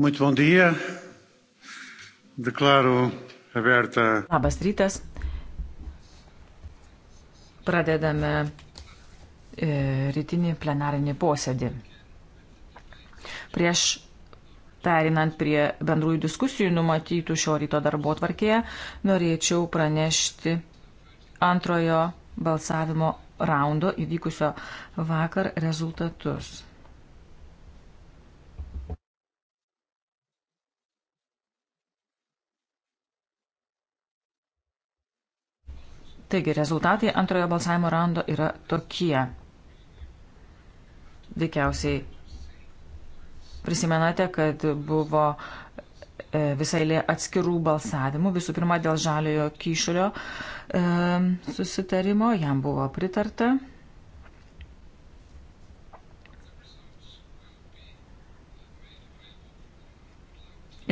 Muito bom dia. Deklaro aberta. Labas rytas. Pradedame e, rytinį plenarinį posėdį. Prieš perinant prie bendrųjų diskusijų numatytų šio ryto darbo tvarkėje, norėčiau pranešti antrojo balsavimo raundo įvykusio vakar rezultatus. Taigi, rezultatai antrojo balsavimo rando yra tokie. Veikiausiai prisimenate, kad buvo e, visai lė atskirų balsavimų. Visų pirma, dėl žaliojo kyšulio e, susitarimo jam buvo pritarta.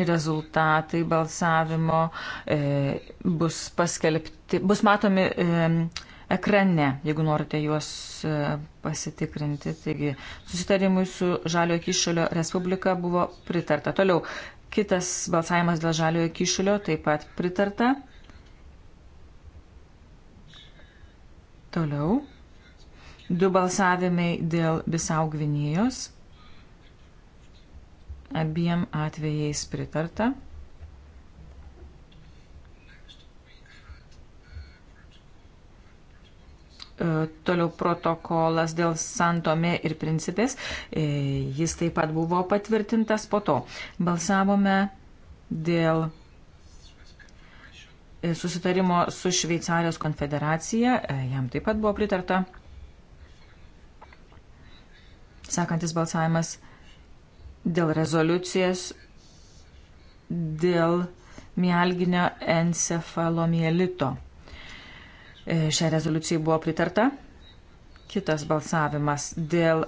rezultatai balsavimo e, bus paskelbti, bus matomi e, ekrane, jeigu norite juos e, pasitikrinti. Taigi, susitarimui su Žaliojo Kyšulio Respublika buvo pritarta. Toliau, kitas balsavimas dėl Žaliojo Kyšulio taip pat pritarta. Toliau, du balsavimai dėl Bisaugvinijos. Abiem atvejais pritarta. E, toliau protokolas dėl Santome ir principės. E, jis taip pat buvo patvirtintas po to. Balsavome dėl e, susitarimo su Šveicarijos konfederacija. Jam taip pat buvo pritarta. Sekantis balsavimas dėl rezoliucijas, dėl mielginio encefalomielito. E, Šią rezoliuciją buvo pritarta. Kitas balsavimas dėl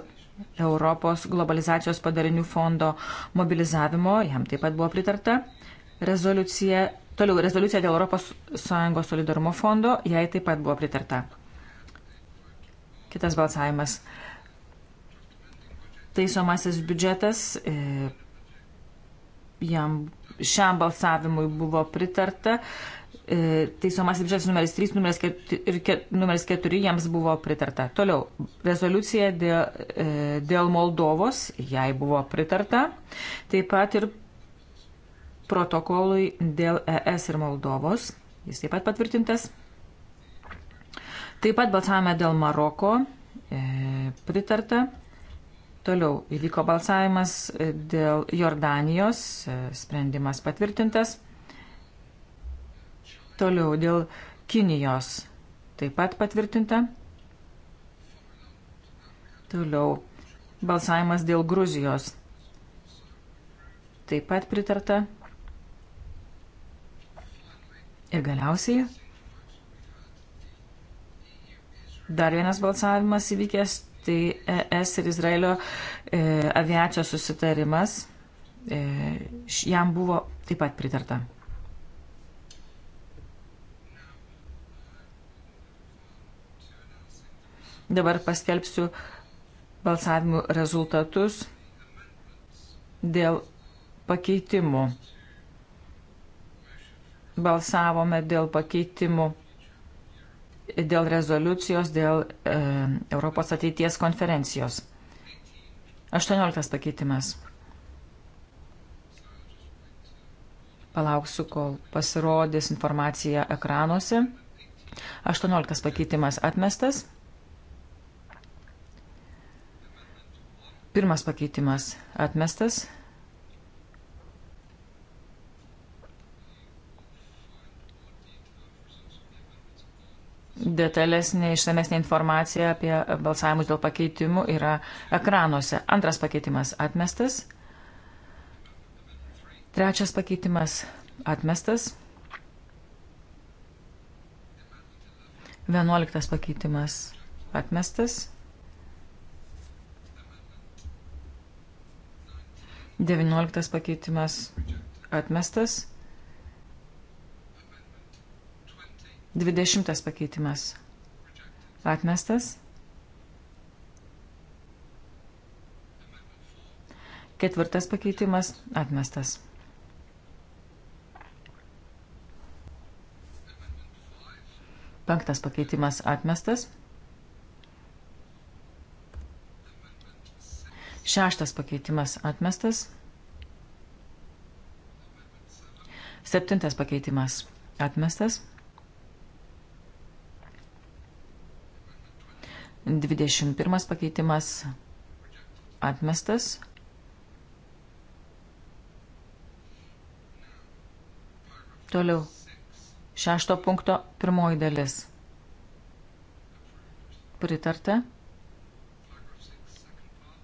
Europos globalizacijos padarinių fondo mobilizavimo, jam taip pat buvo pritarta. Rezoliucija, toliau rezoliucija dėl ES solidarumo fondo, jai taip pat buvo pritarta. Kitas balsavimas taisomasis biudžetas. E, jam šiam balsavimui buvo pritarta. E, taisomasis biudžetas numeris 3 numeris 4, ir numeris 4 jiems buvo pritarta. Toliau, rezoliucija dėl, e, dėl Moldovos, jai buvo pritarta. Taip pat ir protokolui dėl ES ir Moldovos, jis taip pat patvirtintas. Taip pat balsavome dėl Maroko, pritarta. Toliau įvyko balsavimas dėl Jordanijos, e, sprendimas patvirtintas. Toliau dėl Kinijos taip pat patvirtinta. Toliau balsavimas dėl Gruzijos taip pat pritarta. Ir galiausiai dar vienas balsavimas įvykęs tai ES ir Izraelio e, aviacijos susitarimas. E, jam buvo taip pat pritarta. Dabar paskelbsiu balsavimų rezultatus dėl pakeitimų. Balsavome dėl pakeitimų dėl rezoliucijos, dėl e, Europos ateities konferencijos. 18 pakeitimas. Palauksiu, kol pasirodys informacija ekranuose. 18 pakeitimas atmestas. Pirmas pakeitimas atmestas. detalesnė, išsamesnė informacija apie balsavimus dėl pakeitimų yra ekranuose. Antras pakeitimas atmestas. Trečias pakeitimas atmestas. Vienuoliktas pakeitimas atmestas. Devynioliktas pakeitimas atmestas. 20 pakeitimas. Atmestas. Ketvirtas pakeitimas. Atmestas. Penktas pakeitimas. Atmestas. Šeštas pakeitimas. Atmestas. Septintas pakeitimas. Atmestas. 21 pakeitimas atmestas. Toliau. Šešto punkto pirmoji dalis. Pritarta.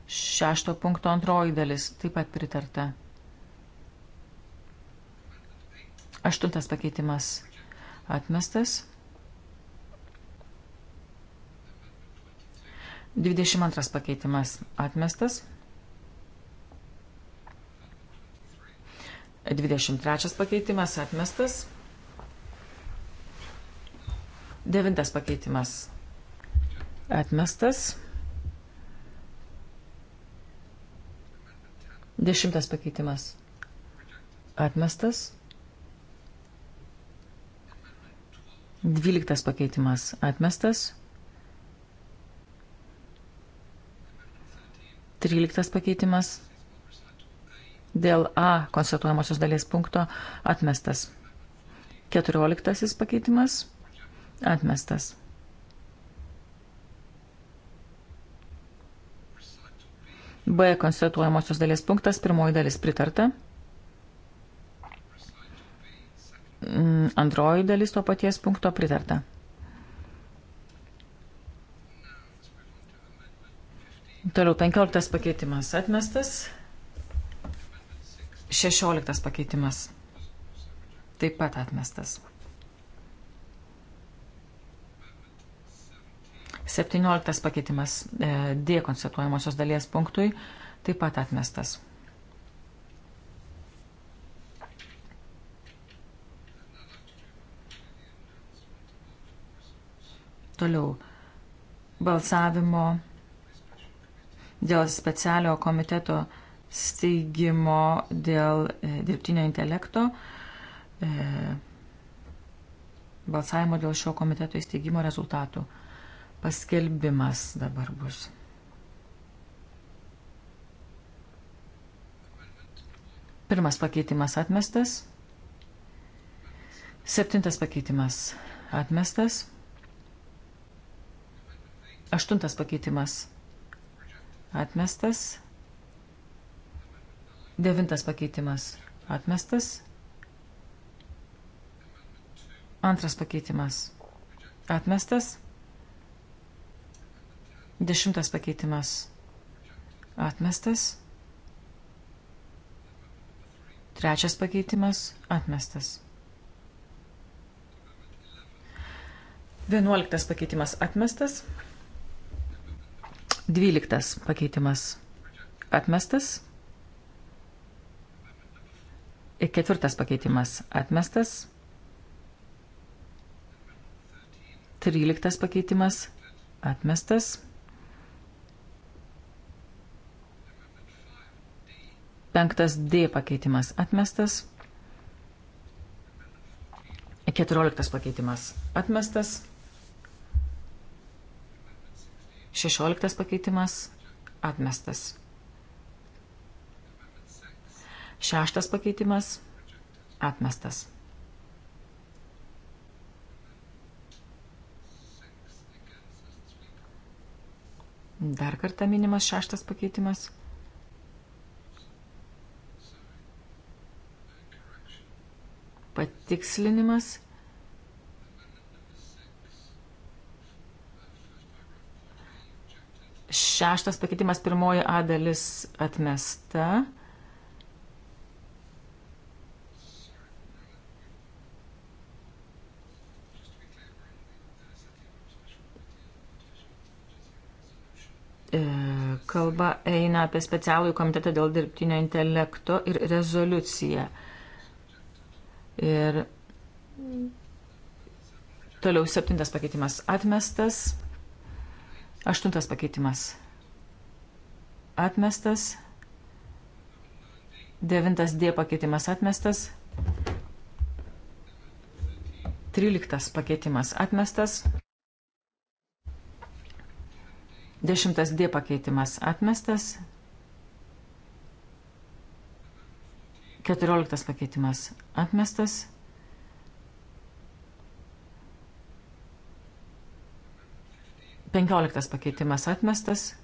Šešto punkto antroji dalis. Taip pat pritarta. Aštuntas pakeitimas atmestas. 22 pakeitimas atmestas. 23 pakeitimas atmestas. 9 pakeitimas atmestas. 10 pakeitimas atmestas. 12 pakeitimas atmestas. 13 pakeitimas dėl A konstatuojamosios dalies punkto atmestas. 14 pakeitimas atmestas. B konstatuojamosios dalies punktas pirmoji dalis pritarta. Mm, Antroji dalis to paties punkto pritarta. Toliau 15 pakeitimas atmestas. 16 pakeitimas taip pat atmestas. 17 pakeitimas e, D konstatuojamosios dalies punktui taip pat atmestas. Toliau balsavimo dėl specialio komiteto steigimo dėl e, dirbtinio intelekto. E, balsavimo dėl šio komiteto įsteigimo rezultatų paskelbimas dabar bus. Pirmas pakeitimas atmestas. Septintas pakeitimas atmestas. Aštuntas pakeitimas Atmestas. Devintas pakeitimas. Atmestas. Antras pakeitimas. Atmestas. Dešimtas pakeitimas. Atmestas. Trečias pakeitimas. Atmestas. Vienuoliktas pakeitimas. Atmestas. 12 pakeitimas atmestas. Ir ketvirtas pakeitimas atmestas. 13 pakeitimas atmestas. Penktas D pakeitimas atmestas. 14 pakeitimas atmestas. 16 pakeitimas atmestas. Šeštas pakeitimas atmestas. Dar kartą minimas šeštas pakeitimas. Patikslinimas Šeštas pakeitimas pirmoji A dalis atmesta. E, kalba eina apie specialųjį komitetą dėl dirbtinio intelekto ir rezoliuciją. Ir toliau septintas pakeitimas atmestas. Aštuntas pakeitimas. Atmestas. Devintas D pakeitimas atmestas. Tryliktas pakeitimas atmestas. Dešimtas D pakeitimas atmestas. Keturioliktas pakeitimas atmestas. 15 pakeitimas atmestas.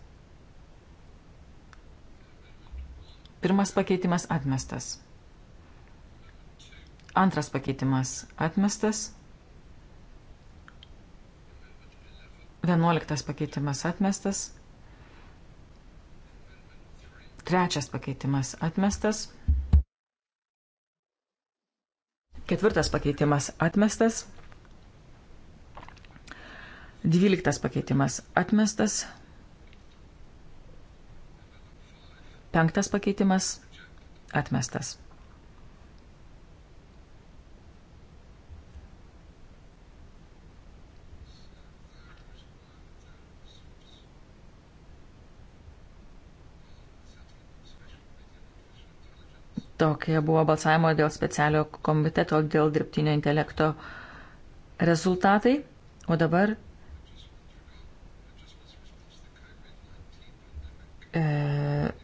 Pirmas pakeitimas atmestas. Antras pakeitimas atmestas. Vienuoliktas pakeitimas atmestas. Trečias pakeitimas atmestas. Ketvirtas pakeitimas atmestas. Dvyliktas pakeitimas atmestas. Penktas pakeitimas atmestas. Tokia buvo balsavimo dėl specialio komiteto dėl dirbtinio intelekto rezultatai, o dabar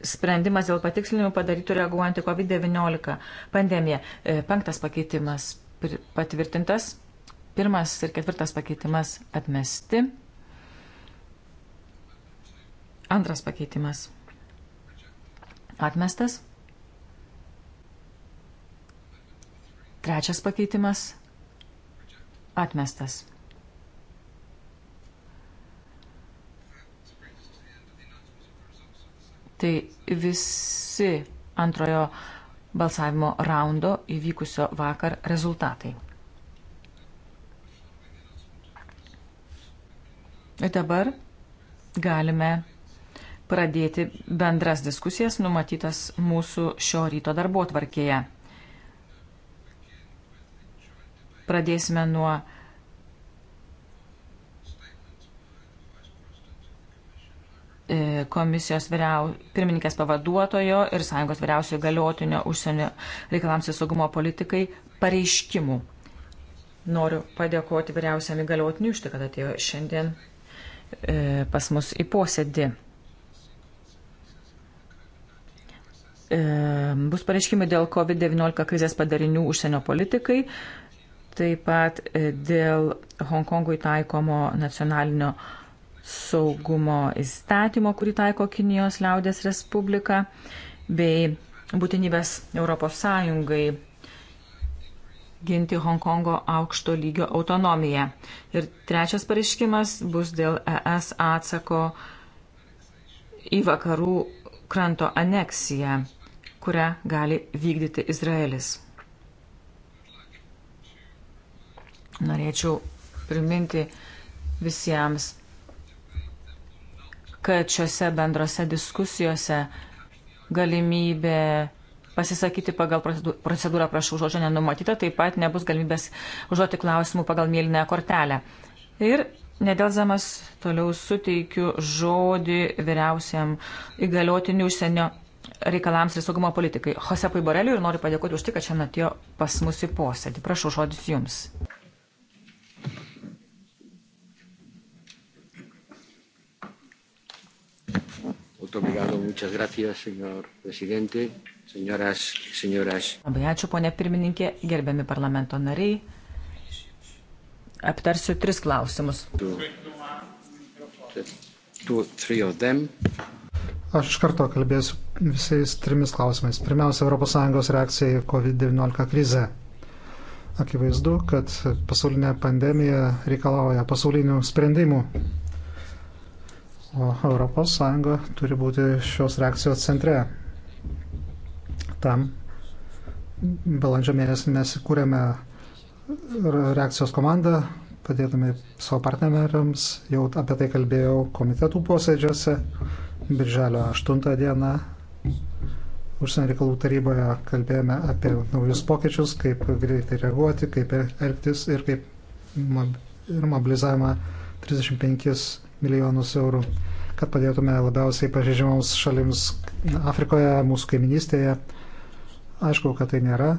sprendimas dėl patikslinimų padarytų reaguojant į COVID-19 pandemiją. E, penktas pakeitimas patvirtintas, pirmas ir ketvirtas pakeitimas atmesti. Antras pakeitimas atmestas. Trečias pakeitimas atmestas. tai visi antrojo balsavimo raundo įvykusio vakar rezultatai. Ir dabar galime pradėti bendras diskusijas numatytas mūsų šio ryto darbo tvarkėje. Pradėsime nuo E, komisijos vyriau, pirmininkės pavaduotojo ir sąjungos vyriausiojo galiotinio užsienio reikalams ir saugumo politikai pareiškimų. Noriu padėkoti vyriausiam įgaliotiniui už tai, kad atėjo šiandien e, pas mus į posėdį. E, bus pareiškimai dėl COVID-19 krizės padarinių užsienio politikai, taip pat e, dėl Hongkongui taikomo nacionalinio e, saugumo įstatymo, kurį taiko Kinijos liaudės Respublika, bei būtinybės ES ginti Hongkongo aukšto lygio autonomiją. Ir trečias pareiškimas bus dėl ES atsako į vakarų kranto aneksiją, kurią gali vykdyti Izraelis. Norėčiau priminti visiems kad šiuose bendrose diskusijose galimybė pasisakyti pagal procedūrą, prašau, žodžio nenumatyta, taip pat nebus galimybės užduoti klausimų pagal mėlynę kortelę. Ir nedelzamas toliau suteikiu žodį vyriausiam įgaliotiniu užsienio reikalams ir saugumo politikai Josepui Boreliui ir noriu padėkoti už tai, kad šiandien atėjo pas mus į posėdį. Prašau, žodis jums. Señor señoras, señoras. Labai ačiū, ponė pirmininkė, gerbiami parlamento nariai. Aptarsiu tris klausimus. Two, two, Aš iš karto kalbėsiu visais trimis klausimais. Pirmiausia, ES reakcija į COVID-19 krizę. Akivaizdu, kad pasaulinė pandemija reikalauja pasaulinių sprendimų O ES turi būti šios reakcijos centre. Tam balandžio mėnesį mes įkūrėme reakcijos komandą, padėdami savo partneriams, jau apie tai kalbėjau komitetų posėdžiuose, birželio 8 dieną užsienio reikalų taryboje kalbėjome apie naujus pokyčius, kaip greitai reaguoti, kaip elgtis ir kaip mob ir mobilizavimą 35 milijonus eurų, kad padėtume labiausiai pažeidžiamoms šalims Afrikoje, mūsų kaiminystėje. Aišku, kad tai nėra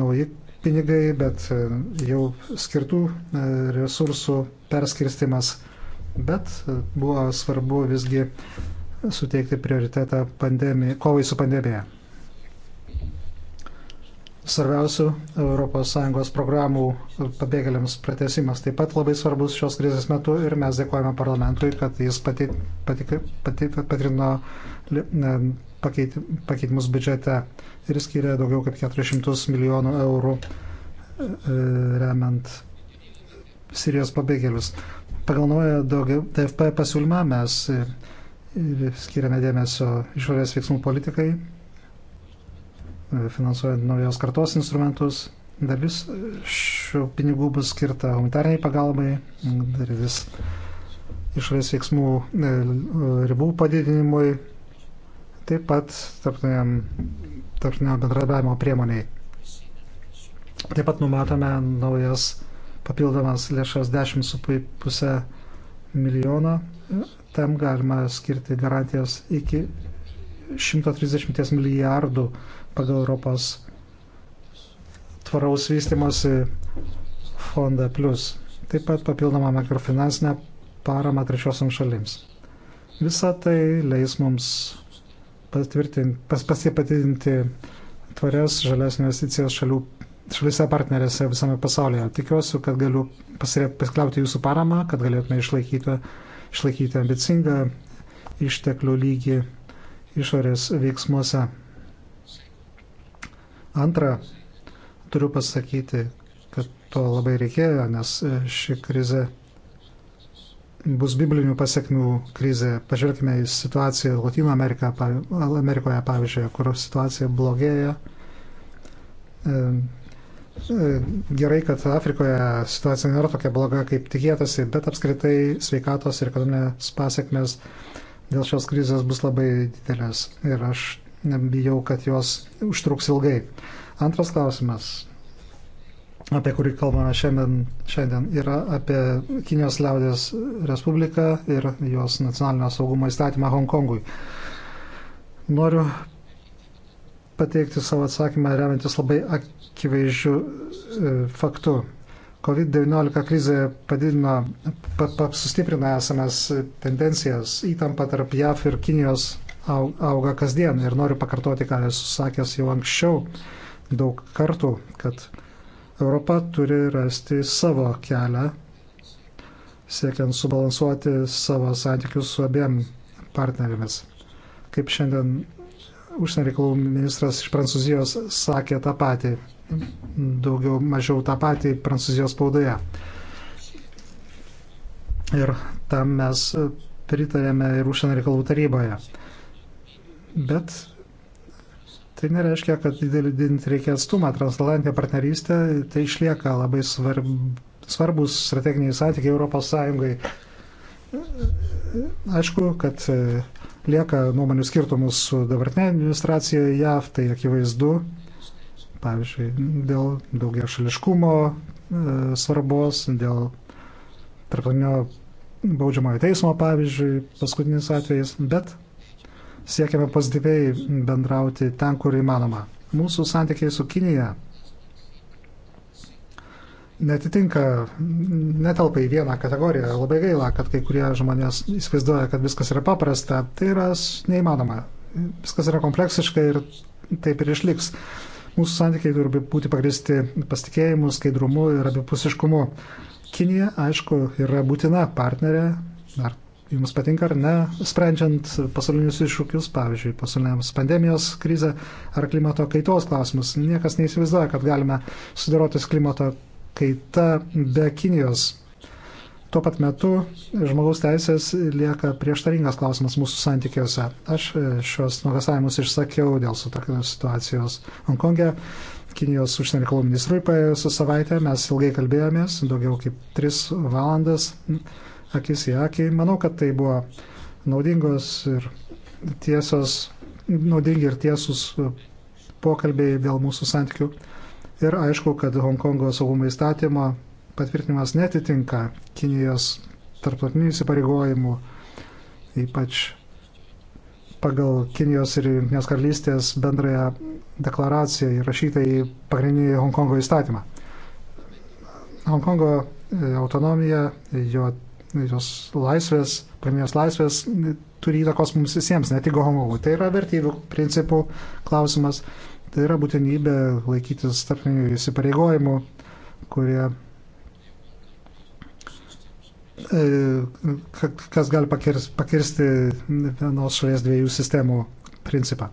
nauji pinigai, bet e, jau skirtų e, resursų perskirstimas. Bet e, buvo svarbu visgi suteikti prioritetą pandemijai, kovai su pandemija svarbiausių ES programų pabėgėliams pratesimas. Taip pat labai svarbus šios krizės metu ir mes dėkojame parlamentui, kad jis pati, pati, pati, patrino pakeit, pakeitimus biudžete ir skiria daugiau kaip 400 milijonų eurų e, e, remiant Sirijos pabėgėlius. Pagal naują DFP pasiūlymą mes e, skiriame dėmesio išorės veiksmų politikai finansuojant naujos kartos instrumentus. Dalis šių pinigų bus skirta humanitariniai pagalbai, dalis išorės veiksmų e, ribų padidinimui, taip pat tarptautinio bendradavimo priemoniai. Taip pat numatome naujas papildomas lėšas 10,5 milijono. Tam galima skirti garantijas iki 130 milijardų eurų pagal Europos tvaraus vystimosi fondą plus. Taip pat papildomą makrofinansinę paramą trečiosiam šalims. Visa tai leis mums pas, pasipatinti tvarias žalias investicijas šalių, šalise partnerėse visame pasaulyje. Tikiuosi, kad galiu pasikliauti jūsų paramą, kad galėtume išlaikyti, išlaikyti ambicingą išteklių lygį išorės veiksmuose. Antra, turiu pasakyti, kad to labai reikėjo, nes e, ši krize bus biblinių pasiekmių krizė. Pažvelkime į situaciją Latino Amerika, Amerikoje, pavyzdžiui, kur situacija blogėja. E, e, gerai, kad Afrikoje situacija nėra tokia bloga, kaip tikėtasi, bet apskritai sveikatos ir ekonominės pasiekmes dėl šios krizės bus labai didelės. Ir aš bijau, kad jos užtruks ilgai. Antras klausimas, apie kurį kalbame šiandien, šiandien yra apie Kinijos liaudės Respubliką ir jos nacionalinio saugumo įstatymą Hongkongui. Noriu pateikti savo atsakymą remiantis labai akivaizdžių e, faktų. COVID-19 krizė padidino, pa, pa, sustiprino esamas tendencijas, įtampą tarp JAF ir Kinijos auga kasdien. Ir noriu pakartoti, ką esu sakęs jau anksčiau daug kartų, kad Europa turi rasti savo kelią, siekiant subalansuoti savo santykius su abiem partnerėmis. Kaip šiandien užsienio reikalų ministras iš Prancūzijos sakė tą patį, daugiau mažiau tą patį Prancūzijos spaudoje. Ir tam mes pritarėme ir užsienio reikalų taryboje. Bet tai nereiškia, kad didinti reikia atstumą. Transatlantinė partnerystė tai išlieka labai svarb, svarbus strateginiai santykiai Europos Sąjungai. Aišku, kad e, lieka nuomonių skirtumus su dabartinė administracija JAV, tai akivaizdu, pavyzdžiui, dėl daugia šališkumo e, svarbos, dėl tarptautinio baudžiamojo teismo, pavyzdžiui, paskutinis atvejis, bet siekiame pozityviai bendrauti ten, kur įmanoma. Mūsų santykiai su Kinija netitinka, netelpa į vieną kategoriją. Labai gaila, kad kai kurie žmonės įsivaizduoja, kad viskas yra paprasta. Tai yra neįmanoma. Viskas yra kompleksiška ir taip ir išliks. Mūsų santykiai turi būti pagristi pasitikėjimu, skaidrumu ir abipusiškumu. Kinija, aišku, yra būtina partnerė, ar jums patinka ar ne, sprendžiant pasaulinius iššūkius, pavyzdžiui, pasauliniams pandemijos krizę ar klimato kaitos klausimus. Niekas neįsivaizduoja, kad galime sudaroti su klimato kaita be Kinijos. Tuo pat metu žmogaus teisės lieka prieštaringas klausimas mūsų santykiuose. Aš e, šios nuogastavimus išsakiau dėl sutarkinės situacijos Hongkonge. Kinijos užsienio reikalų ministrui praėjusią savaitę mes ilgai kalbėjomės, daugiau kaip tris valandas akis į akį. Manau, kad tai buvo naudingos ir tiesos, naudingi ir tiesus e, pokalbiai dėl mūsų santykių. Ir aišku, kad Hongkongo saugumo įstatymo patvirtinimas netitinka Kinijos tarptautinių įsipareigojimų, ypač pagal Kinijos ir Junktinės karalystės bendrąją deklaraciją įrašytą į pagrindinį Hongkongo įstatymą. Hongkongo e, autonomija, jo jos laisvės, paminės laisvės turi įtakos mums visiems, ne tik homovui. Tai yra vertybių principų klausimas, tai yra būtinybė laikytis tarpinių įsipareigojimų, kurie e, kas gali pakirsti vienos šalies dviejų sistemų principą.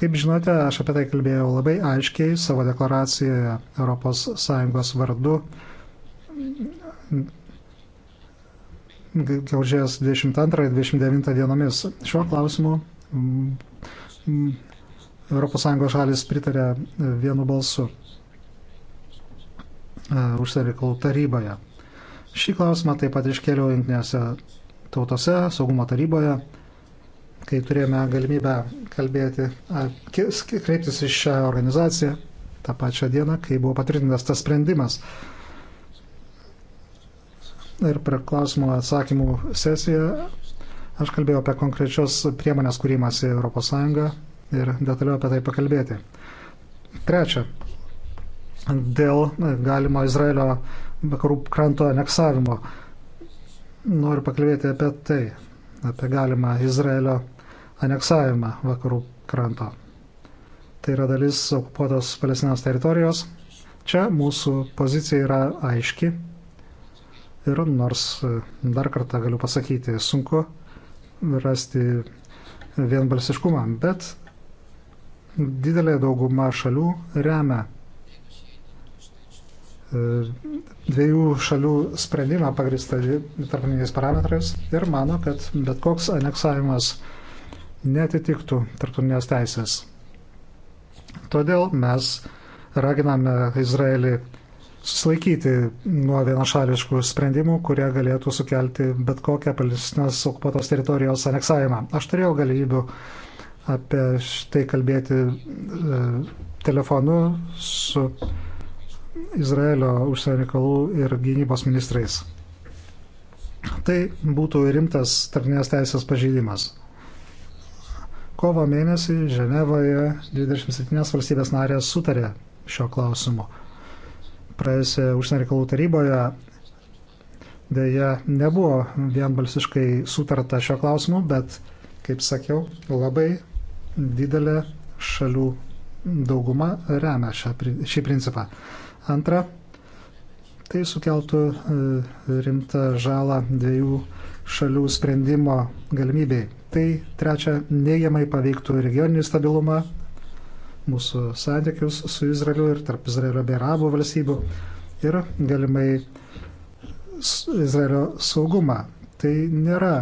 Kaip žinote, aš apie tai kalbėjau labai aiškiai savo deklaracijoje ES vardu gegužės 22-29 dienomis. Šiuo klausimu mm, mm, ES šalis pritarė e, vienu balsu e, užsienio reikalų taryboje. Šį klausimą taip pat iškėliau jungtinėse tautose, saugumo taryboje, kai turėjome galimybę kalbėti, kreiptis į šią organizaciją tą pačią dieną, kai buvo patvirtintas tas sprendimas ir per klausimų atsakymų sesiją aš kalbėjau apie konkrečios priemonės kūrimąsi ES ir detaliau apie tai pakalbėti. Trečia, dėl galimo Izraelio vakarų kranto aneksavimo. Noriu pakalbėti apie tai, apie galimą Izraelio aneksavimą vakarų kranto. Tai yra dalis okupuotos Palestinos teritorijos. Čia mūsų pozicija yra aiški Ir nors e, dar kartą galiu pasakyti, sunku rasti vienbalsiškumą, bet didelė dauguma šalių remia e, dviejų šalių sprendimą pagristą tarptautiniais parametrais ir mano, kad bet koks aneksavimas netitiktų tarptautinės teisės. Todėl mes raginame Izraelį susilaikyti nuo vienašališkų sprendimų, kurie galėtų sukelti bet kokią Palestinos okupuotos teritorijos aneksavimą. Aš turėjau galimybių apie tai kalbėti e, telefonu su Izraelio užsienio reikalų ir gynybos ministrais. Tai būtų rimtas tarpinės teisės pažeidimas. Kovo mėnesį Ženevoje 27 valstybės narės sutarė šio klausimu praėjusioje užsienio reikalų taryboje dėja nebuvo vienbalsiškai sutarta šio klausimu, bet, kaip sakiau, labai didelė šalių dauguma remia šią, šį principą. Antra, tai sukeltų e, rimtą žalą dviejų šalių sprendimo galimybei. Tai trečia, neigiamai paveiktų regioninį stabilumą mūsų santykius su Izraeliu ir tarp Izraelio bei arabų valstybių ir galimai Izraelio saugumą. Tai nėra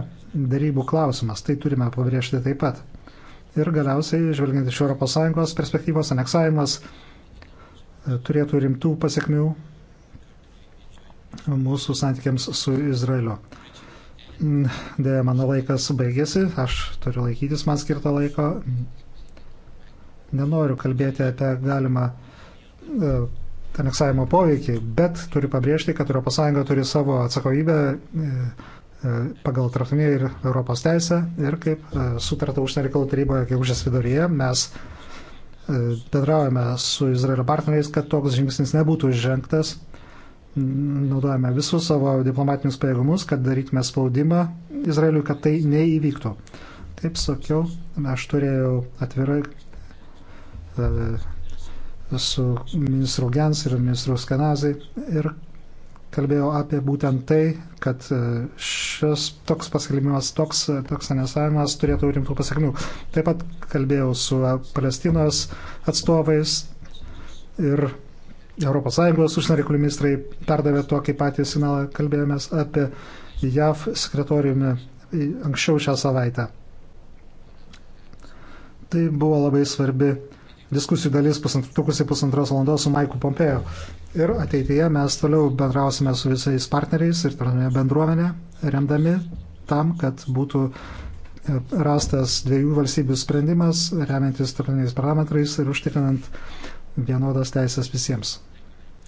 darybų klausimas, tai turime pabrėžti taip pat. Ir galiausiai, žvelgiant iš ES perspektyvos, aneksavimas e, turėtų rimtų pasiekmių mūsų santykiams su Izraeliu. Dėja, mano laikas baigėsi, aš turiu laikytis man skirtą laiko. Nenoriu kalbėti apie galimą aneksavimo poveikį, bet turiu pabrėžti, kad ES turi savo atsakomybę e, e, pagal tarptautinį ir Europos teisę ir kaip e, sutarta užsienio reikalų taryboje gegužės viduryje mes bendraujame su Izraelio partneriais, kad toks žingsnis nebūtų žengtas. Naudojame visus savo diplomatinius pajėgumus, kad darytume spaudimą Izraeliui, kad tai neįvyktų. Taip sakiau, aš turėjau atvirai E, su ministru Gens ir ministru Skenazai ir kalbėjau apie būtent tai, kad e, šis toks paskelbimas, toks, e, toks anesavimas turėtų rimtų pasiekmių. Taip pat kalbėjau su Palestinos atstovais ir ES užsienio reikalų ministrai perdavė tokį patį signalą, kalbėjomės apie JAV sekretoriumi anksčiau šią savaitę. Tai buvo labai svarbi diskusijų dalis trukusi pusantros valandos su Maiku Pompejo. Ir ateityje mes toliau bendrausime su visais partneriais ir tarname bendruomenę, remdami tam, kad būtų e, rastas dviejų valstybių sprendimas, remiantis tarptautiniais parametrais ir užtikrinant vienodas teisės visiems.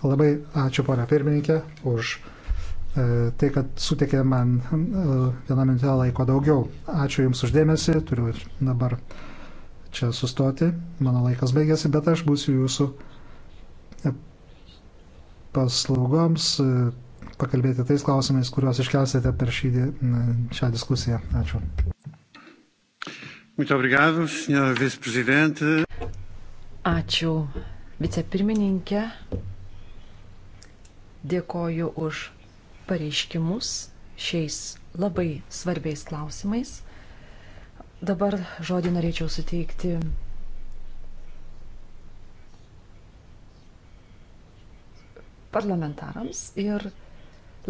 Labai ačiū, ponia pirmininkė, už e, tai, kad sutikė man e, vieną minutę laiko daugiau. Ačiū Jums uždėmesi, turiu dabar čia sustoti. Mano laikas baigėsi, bet aš būsiu jūsų paslaugoms e, pakalbėti tais klausimais, kuriuos iškelsite per šį, šią diskusiją. Ačiū. Muito obrigado, senhora vice-presidente. Ačiū, vicepirmininkė. Dėkoju už pareiškimus šiais labai svarbiais klausimais. Dabar žodį norėčiau suteikti parlamentarams ir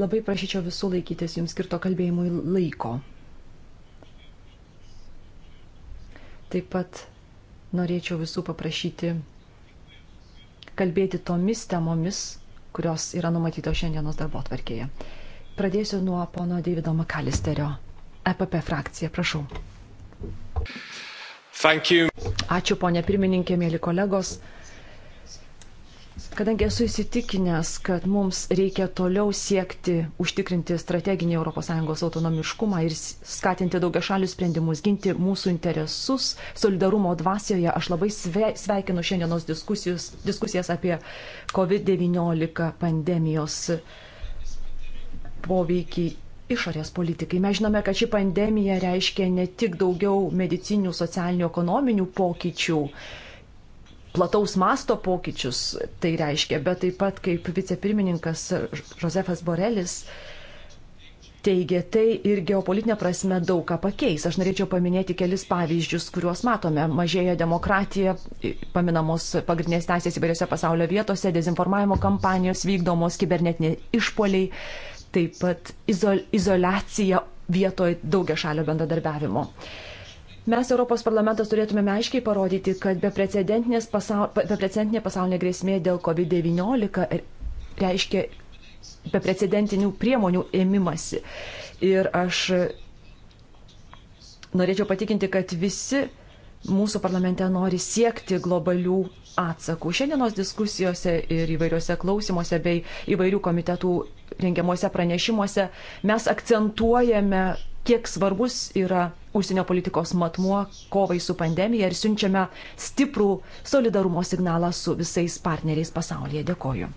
labai prašyčiau visų laikytis jums skirto kalbėjimui laiko. Taip pat norėčiau visų paprašyti kalbėti tomis temomis, kurios yra numatytos šiandienos darbo atvarkėje. Pradėsiu nuo pono Davido Makalisterio, EPP frakcija, prašau. Ačiū, ponė pirmininkė, mėly kolegos. Kadangi esu įsitikinęs, kad mums reikia toliau siekti užtikrinti strateginį ES autonomiškumą ir skatinti daugia šalių sprendimus, ginti mūsų interesus, solidarumo dvasioje, aš labai sve, sveikinu šiandienos diskusijas apie COVID-19 pandemijos poveikį išorės politikai. Mes žinome, kad ši pandemija reiškia ne tik daugiau medicinių, socialinių, ekonominių pokyčių, plataus masto pokyčius tai reiškia, bet taip pat kaip vicepirmininkas Josefas Borelis teigia, tai ir geopolitinė prasme daug ką pakeis. Aš norėčiau paminėti kelis pavyzdžius, kuriuos matome. Mažėja demokratija, paminamos pagrindinės teisės įvairiose pasaulio vietose, dezinformavimo kampanijos vykdomos, kibernetiniai išpoliai taip pat izol, izolacija vietoj daugia šalio bendradarbiavimo. Mes, Europos parlamentas, turėtumėme aiškiai parodyti, kad beprecedentinė pasaul... be pasaulinė grėsmė dėl COVID-19 reiškia beprecedentinių priemonių ėmimasi. Ir aš norėčiau patikinti, kad visi mūsų parlamente nori siekti globalių atsakų. Šiandienos diskusijose ir įvairiuose klausimuose bei įvairių komitetų rengiamuose pranešimuose mes akcentuojame, kiek svarbus yra užsienio politikos matmuo kovai su pandemija ir siunčiame stiprų solidarumo signalą su visais partneriais pasaulyje. Dėkoju.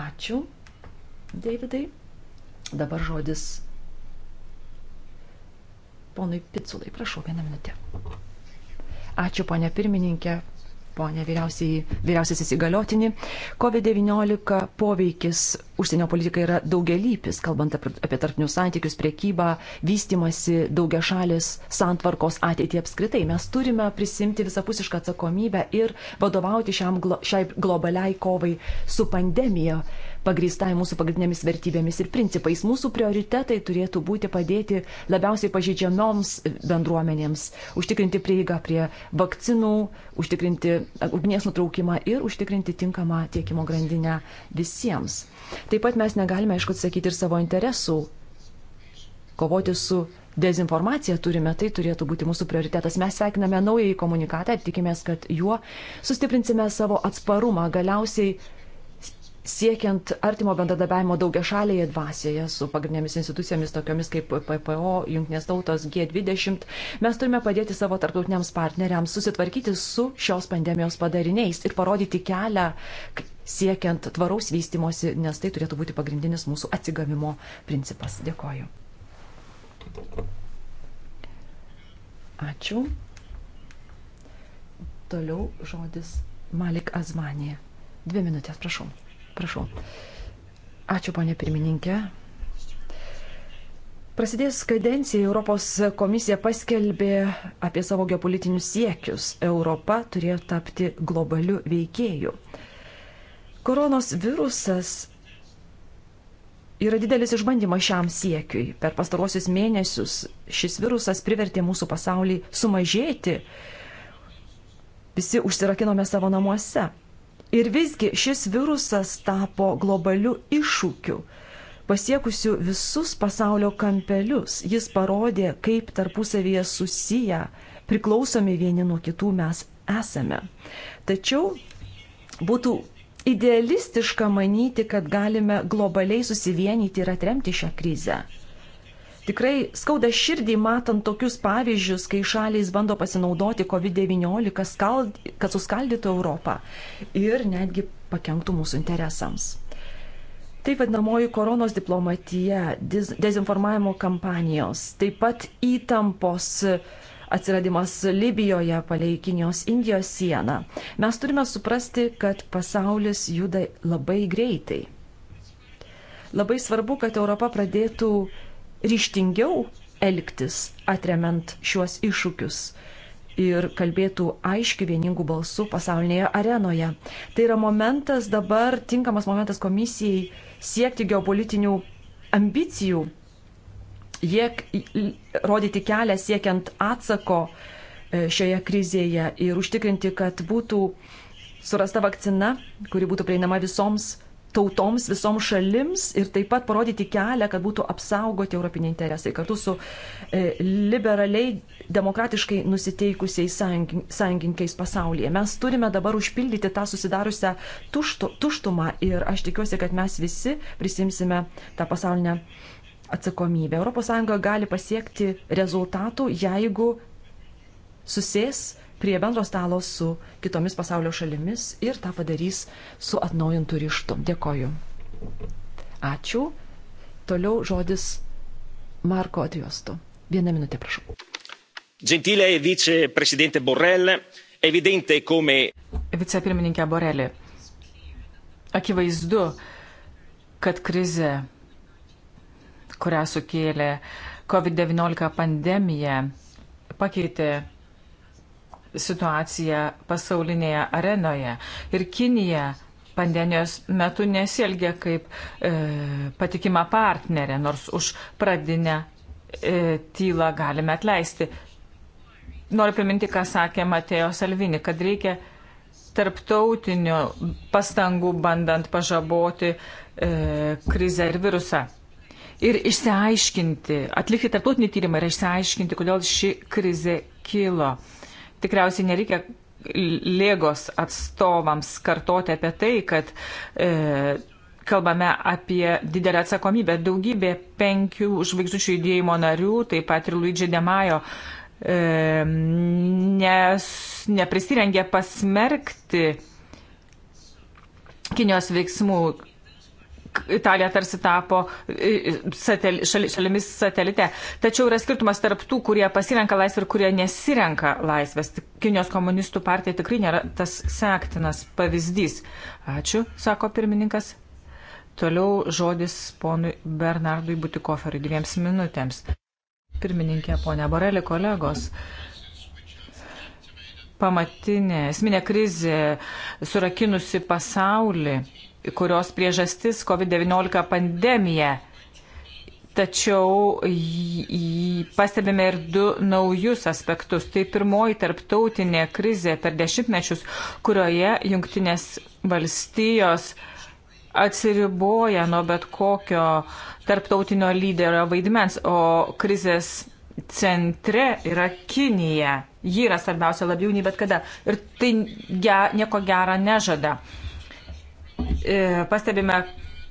Ačiū, Davidai. Dabar žodis ponui Pitsulai. Prašau, vieną minutę. Ačiū, ponė pirmininkė, ponė vyriausiasis įgaliotinį. COVID-19 poveikis užsienio politikai yra daugelypis, kalbant apie tarpinius santykius, priekybą, vystimasi, daugia šalis, santvarkos ateitį apskritai. Mes turime prisimti visapusišką atsakomybę ir vadovauti šiam, šiai globaliai kovai su pandemija pagristai mūsų pagrindinėmis vertybėmis ir principais. Mūsų prioritetai turėtų būti padėti labiausiai pažydžiamoms bendruomenėms, užtikrinti prieigą prie vakcinų, užtikrinti ugnies nutraukimą ir užtikrinti tinkamą tiekimo grandinę visiems. Taip pat mes negalime, aišku, atsakyti ir savo interesų, kovoti su dezinformaciją turime, tai turėtų būti mūsų prioritetas. Mes sveikiname naująjį komunikatą ir tikimės, kad juo sustiprinsime savo atsparumą. Galiausiai siekiant artimo bendradarbiavimo daugia šalėje dvasioje su pagrindinėmis institucijomis, tokiomis kaip PPO, Junktinės tautos G20, mes turime padėti savo tarptautiniams partneriams susitvarkyti su šios pandemijos padariniais ir parodyti kelią siekiant tvaraus vystimosi, nes tai turėtų būti pagrindinis mūsų atsigavimo principas. Dėkoju. Ačiū. Toliau žodis Malik Azmanė. Dvi minutės, prašau. Prašau. Ačiū, ponė pirmininkė. Prasidės kadencijai Europos komisija paskelbė apie savo geopolitinius siekius. Europa turėjo tapti globaliu veikėju. Koronos virusas yra didelis išbandymas šiam siekiui. Per pastaruosius mėnesius šis virusas privertė mūsų pasaulį sumažėti. Visi užsirakinome savo namuose. Ir visgi šis virusas tapo globaliu iššūkiu, pasiekusiu visus pasaulio kampelius. Jis parodė, kaip tarpusavėje susiję, priklausomi vieni nuo kitų mes esame. Tačiau būtų idealistiška manyti, kad galime globaliai susivienyti ir atremti šią krizę. Tikrai skauda širdį matant tokius pavyzdžius, kai šalys bando pasinaudoti COVID-19, skald... kad suskaldytų Europą ir netgi pakenktų mūsų interesams. Taip vadinamoji koronos diplomatija, dezinformavimo kampanijos, taip pat įtampos atsiradimas Libijoje palei Kinijos Indijos sieną. Mes turime suprasti, kad pasaulis juda labai greitai. Labai svarbu, kad Europa pradėtų ryštingiau elgtis atremiant šiuos iššūkius ir kalbėtų aiškiu vieningu balsu pasaulinėje arenoje. Tai yra momentas dabar, tinkamas momentas komisijai siekti geopolitinių ambicijų, jiek, rodyti kelią siekiant atsako e, šioje krizėje ir užtikrinti, kad būtų surasta vakcina, kuri būtų prieinama visoms tautoms, visoms šalims ir taip pat parodyti kelią, kad būtų apsaugoti europiniai interesai kartu su e, liberaliai demokratiškai nusiteikusiais sąjungininkais pasaulyje. Mes turime dabar užpildyti tą susidariusią tuštu, tuštumą ir aš tikiuosi, kad mes visi prisimsime tą pasaulinę atsakomybę. ES gali pasiekti rezultatų, jeigu susės prie bendro stalo su kitomis pasaulio šalimis ir tą padarys su atnaujintų ryštu. Dėkoju. Ačiū. Toliau žodis Marko Atriosto. Vieną minutę, prašau. Gentile viceprezidente Borrell, evidente come. Vicepirmininkė Borelė. Akivaizdu, kad krize, kurią sukėlė COVID-19 pandemija, pakeitė situaciją pasaulinėje arenoje. Ir Kinija pandemijos metu nesielgia kaip e, patikima partnerė, nors už pradinę e, tylą galime atleisti. Noriu priminti, ką sakė Matėjo Salvini, kad reikia tarptautinių pastangų bandant pažaboti e, krizę ir virusą. Ir išsiaiškinti, atlikti tarptautinį tyrimą ir išsiaiškinti, kodėl ši krizė kilo. E, tikriausiai nereikia lėgos atstovams kartoti apie tai, kad e, kalbame apie didelę atsakomybę. Daugybė penkių žvaigždučių judėjimo narių, taip pat ir Luigi Demajo, e, nes neprisirengė pasmerkti Kinijos veiksmų Italija tarsi tapo satel, šali, šalimis satelite. Tačiau yra skirtumas tarp tų, kurie pasirenka laisvę ir kurie nesirenka laisvės. Kinijos komunistų partija tikrai nėra tas sektinas pavyzdys. Ačiū, sako pirmininkas. Toliau žodis ponui Bernardui Butikoferiui dviems minutėms. Pirmininkė, ponia Borelė, kolegos pamatinė, esminė krizė surakinusi pasaulį kurios priežastis COVID-19 pandemija. Tačiau pastebime ir du naujus aspektus. Tai pirmoji tarptautinė krizė per dešimtmečius, kurioje jungtinės valstijos atsiriboja nuo bet kokio tarptautinio lyderio vaidmens, o krizės centre yra Kinija. Ji yra svarbiausia labiau nei bet kada. Ir tai ja, nieko gera nežada. Uh, E, pastebime,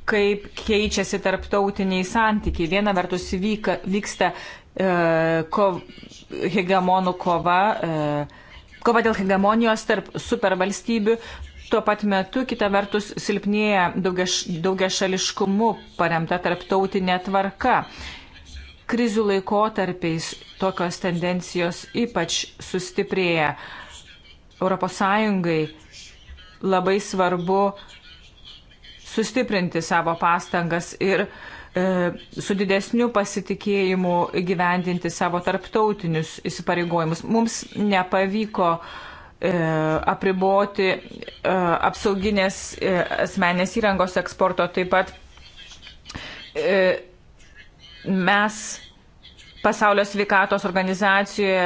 kaip keičiasi tarptautiniai santykiai. Viena vertus vyka, vyksta e, kov, hegemonų kova, e, kova dėl hegemonijos tarp supervalstybių. Tuo pat metu, kita vertus, silpnėja daugiaš, daugiašališkumu paremta tarptautinė tvarka. Krizių laikotarpiais tokios tendencijos ypač sustiprėja. ES labai svarbu sustiprinti savo pastangas ir e, su didesniu pasitikėjimu gyvendinti savo tarptautinius įsipareigojimus. Mums nepavyko e, apriboti e, apsauginės e, asmenės įrangos eksporto. Taip pat e, mes pasaulio sveikatos organizacijoje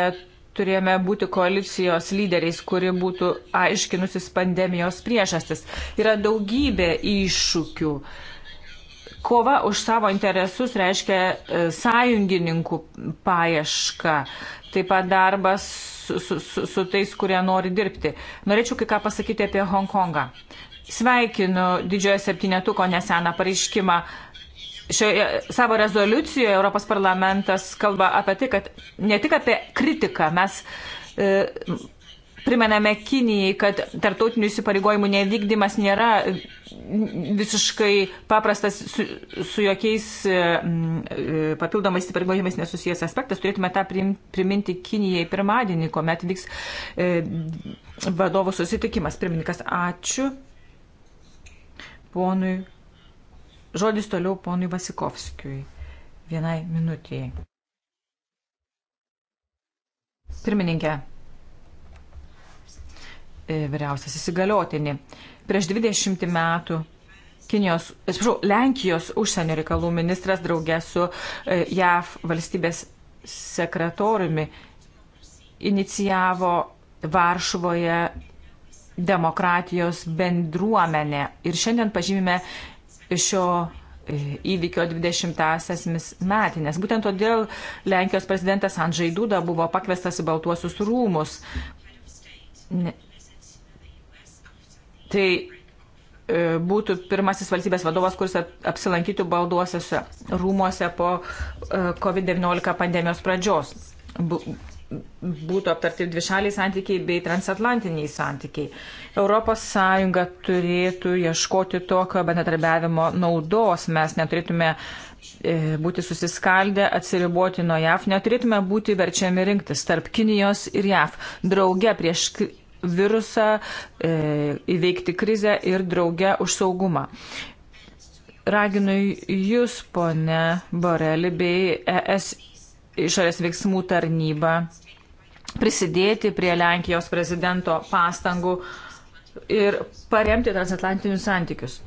turėjome būti koalicijos lyderiais, kuri būtų aiškinusis pandemijos priežastis. Yra daugybė iššūkių. Kova už savo interesus reiškia e, sąjungininkų paiešką, taip pat darbas su, su, su, su tais, kurie nori dirbti. Norėčiau kai ką pasakyti apie Hongkongą. Sveikinu didžiojo septynetuko neseną pareiškimą šioje savo rezoliucijoje Europos parlamentas kalba apie tai, kad ne tik apie kritiką mes e, primename Kinijai, kad tartautinių įsipareigojimų nevykdymas nėra e, visiškai paprastas su, su jokiais e, e, papildomais įsipareigojimais nesusijęs aspektas. Turėtume tą priminti Kinijai pirmadienį, kuomet vyks vadovų susitikimas. Pirmininkas, ačiū ponui Žodis toliau ponui Vasikovskijui. Vienai minutėjai. Pirmininkė, e, vyriausias įsigaliotinį. Prieš 20 metų Kinijos, atsiprašau, Lenkijos užsienio reikalų ministras draugė su e, JAV valstybės sekretoriumi inicijavo Varšuvoje demokratijos bendruomenę. Ir šiandien pažymime šio e, įvykio 20-asias metinės. Būtent todėl Lenkijos prezidentas Andžai Duda buvo pakvestas į Baltuosius rūmus. Ne. Tai e, būtų pirmasis valstybės vadovas, kuris apsilankytų balduosiuose rūmuose po e, COVID-19 pandemijos pradžios būtų aptarti dvišaliai santykiai bei transatlantiniai santykiai. ES turėtų ieškoti tokio bendradarbiavimo naudos. Mes neturėtume e, būti susiskaldę, atsiriboti nuo JAF, neturėtume būti verčiami rinktis tarp Kinijos ir JAF. Drauge prieš virusą, e, įveikti krizę ir drauge už saugumą raginu jūs, ponė Borelį, bei ES išorės veiksmų tarnybą prisidėti prie Lenkijos prezidento pastangų ir paremti transatlantinius santykius.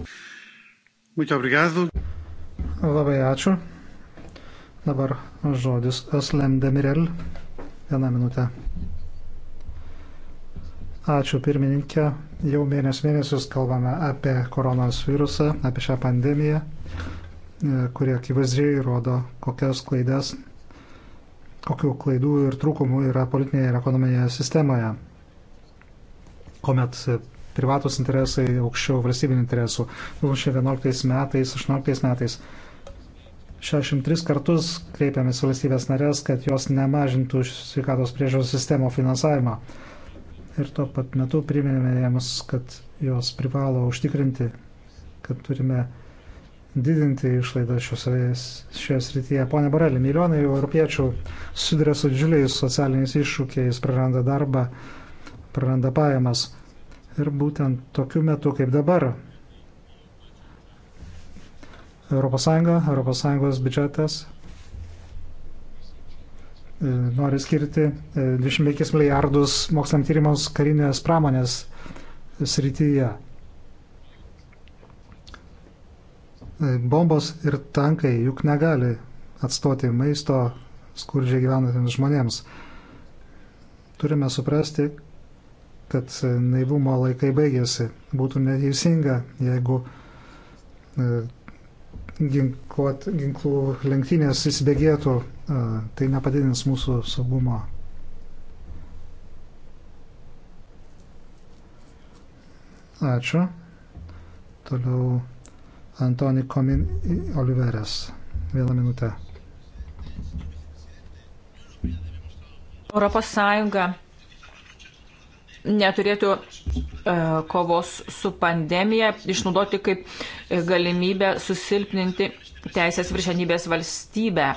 Labai ačiū. Dabar žodis Aslem Demirel. Vieną minutę. Ačiū pirmininkė. Jau mėnesius mėnesius kalbame apie koronos virusą, apie šią pandemiją, kurie akivaizdžiai rodo, kokias klaidas kokių klaidų ir trūkumų yra politinėje ir ekonominėje sistemoje, kuomet privatus interesai aukščiau valstybinių interesų. 2011 metais, 2018 metais 63 kartus kreipėmės valstybės narės, kad jos nemažintų sveikatos priežiūros sistemo finansavimą. Ir tuo pat metu priminėme jiems, kad jos privalo užtikrinti, kad turime didinti išlaidas šioje srityje. Pone Borelė, milijonai europiečių susiduria su didžiuliais socialiniais iššūkiais, praranda darbą, praranda pajamas. Ir būtent tokiu metu kaip dabar ES, ES biudžetas e, nori skirti 25 e, milijardus mokslam tyrimams karinės pramonės srityje. E, bombos ir tankai juk negali atstoti maisto skurdžiai gyvenantiems žmonėms. Turime suprasti, kad e, naivumo laikai baigėsi. Būtų neteisinga, jeigu e, ginkluot, ginklų lenktynės įsibėgėtų, tai nepadidins mūsų saugumo. Ačiū. Toliau Antoni Komin Oliveras. Vieną minutę. Europos Sąjunga neturėtų e, kovos su pandemija išnaudoti kaip e, galimybę susilpninti teisės viršenybės valstybę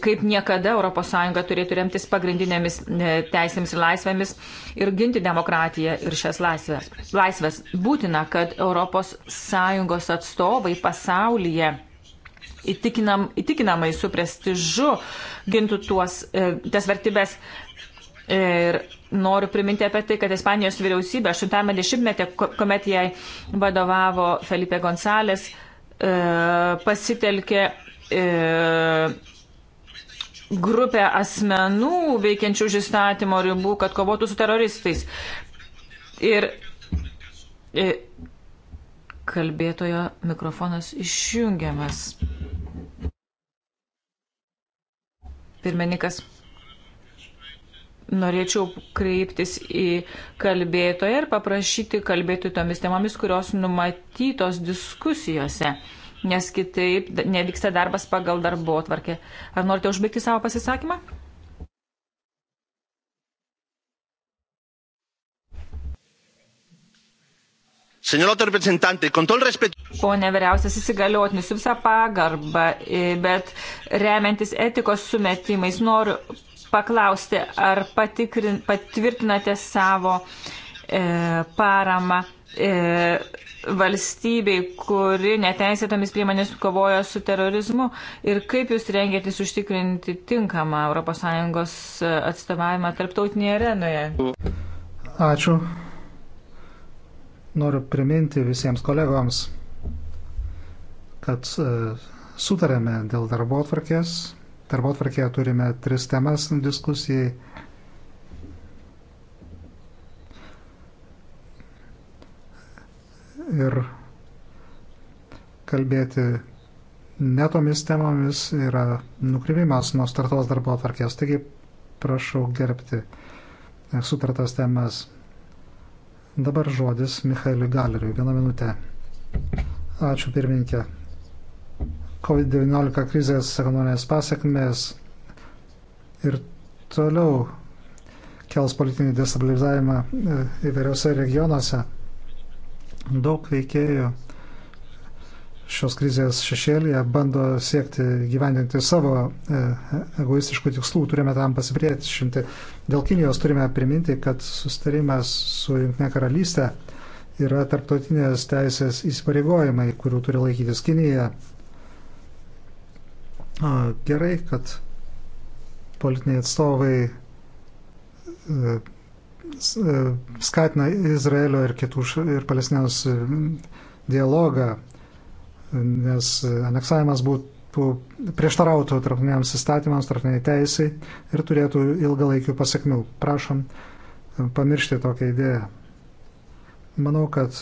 kaip niekada ES turėtų remtis pagrindinėmis e, teisėmis ir laisvėmis ir ginti demokratiją ir šias laisvės. laisvės. Būtina, kad ES atstovai pasaulyje įtikinam, įtikinamai su prestižu gintų tuos, e, tas vertybės. Ir noriu priminti apie tai, kad Ispanijos vyriausybė 80-ame dešimtmetė, kuomet jai vadovavo Felipe González, e, pasitelkė grupę asmenų veikiančių už įstatymo ribų, kad kovotų su teroristais. Ir, ir kalbėtojo mikrofonas išjungiamas. Pirmininkas, norėčiau kreiptis į kalbėtoją ir paprašyti kalbėti tomis temomis, kurios numatytos diskusijose nes kitaip nevyksta darbas pagal darbo atvarkę. Ar norite užbaigti savo pasisakymą? Pone vyriausias įsigaliotinis, su visa pagarba, bet remiantis etikos sumetimais, noriu paklausti, ar patikrin, patvirtinate savo e, paramą e, valstybei, kuri neteisėtomis priemonės kovoja su terorizmu ir kaip jūs rengėtės užtikrinti tinkamą ES atstovavimą tarptautinėje arenoje? Ačiū. Noriu priminti visiems kolegoms, kad e, sutarėme dėl darbo atvarkės. Darbo atvarkėje turime tris temas diskusijai ir kalbėti netomis temomis yra nukrypimas nuo startos darbo atvarkės. Taigi prašau gerbti sutartas temas. Dabar žodis Michaeliui Galeriui. Vieną minutę. Ačiū pirmininkė. COVID-19 krizės ekonominės pasiekmes ir toliau kels politinį destabilizavimą e, įvairiose regionuose. Daug veikėjų šios krizės šešėlėje bando siekti gyvendinti savo e, egoistiškų tikslų, turime tam pasipriešinti. Dėl Kinijos turime priminti, kad sustarimas su Junktinė karalystė yra tarptautinės teisės įsipareigojimai, kurių turi laikytis Kinija. Gerai, kad politiniai atstovai e, E, skatina Izraelio ir kitų ir Palestinos e, dialogą, nes e, aneksavimas būtų prieštarautų tarptautiniams įstatymams, tarptautiniai teisai ir turėtų ilgalaikių pasiekmių. Prašom pamiršti tokią idėją. Manau, kad